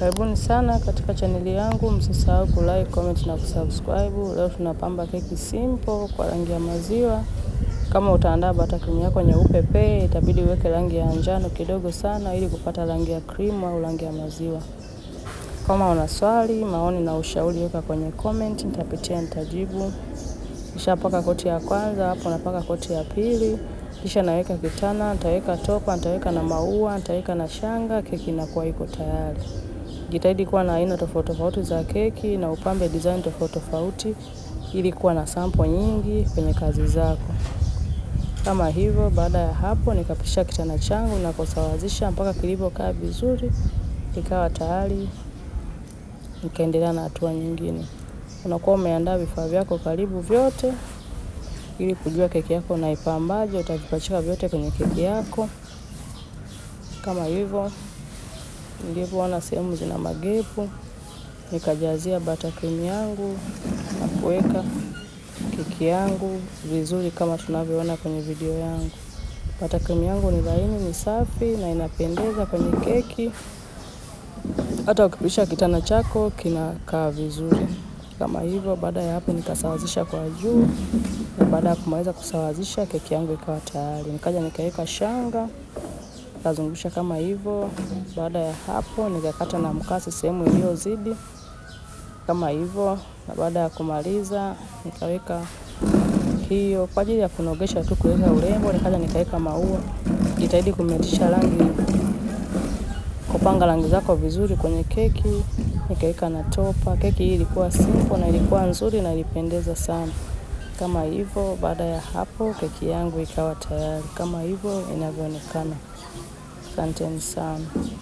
Karibuni sana katika chaneli yangu, msisahau ku like, comment na kusubscribe. Leo tunapamba keki simple kwa rangi ya maziwa. Kama utaandaa bata krimu yako nyeupe pe, itabidi uweke rangi ya njano kidogo sana, ili kupata rangi ya krimu au rangi ya maziwa. Kama una swali, maoni na ushauri, weka kwenye comment, nitapitia nitajibu. Kisha paka koti ya kwanza, hapo napaka koti ya pili, kisha naweka kitana, nitaweka topa, nitaweka na maua, nitaweka na shanga. Keki inakuwa iko tayari. Jitahidi kuwa na aina tofauti tofauti za keki na upambe design tofauti tofauti ili kuwa na sample nyingi kwenye kazi zako. Kama hivyo, baada ya hapo nikapisha kitana changu na kusawazisha mpaka kilivyokaa vizuri, ikawa tayari, nikaendelea na hatua nyingine. Unakuwa umeandaa vifaa vyako karibu vyote ili kujua keki yako unaipambaje, utavipachika vyote kwenye keki yako kama hivyo nilipoona sehemu zina magepu, nikajazia bata cream yangu na kuweka keki yangu vizuri kama tunavyoona kwenye video yangu. Bata cream yangu ni laini, ni safi na inapendeza kwenye keki. Hata ukipisha kitana chako kinakaa vizuri kama hivyo. Baada ya hapo, nikasawazisha kwa juu, na baada ya kumaliza kusawazisha, keki yangu ikawa tayari. Nikaja nikaweka shanga nikazungusha kama hivyo. Baada ya hapo, nikakata na mkasi sehemu iliyozidi kama hivyo, na baada ya kumaliza nikaweka hiyo kwa ajili ya kunogesha tu, kuweka urembo. Nikaja nikaweka maua. Jitahidi kumetisha rangi, kupanga rangi zako vizuri kwenye keki. Nikaweka na topa. Keki hii ilikuwa simple na ilikuwa nzuri na ilipendeza sana kama hivyo. Baada ya hapo, keki yangu ikawa tayari kama hivyo inavyoonekana. sentence um,